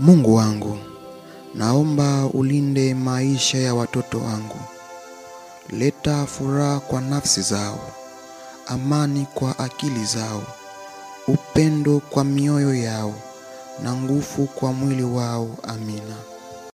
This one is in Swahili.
Mungu wangu, naomba ulinde maisha ya watoto wangu. Leta furaha kwa nafsi zao, amani kwa akili zao, upendo kwa mioyo yao na nguvu kwa mwili wao. Amina.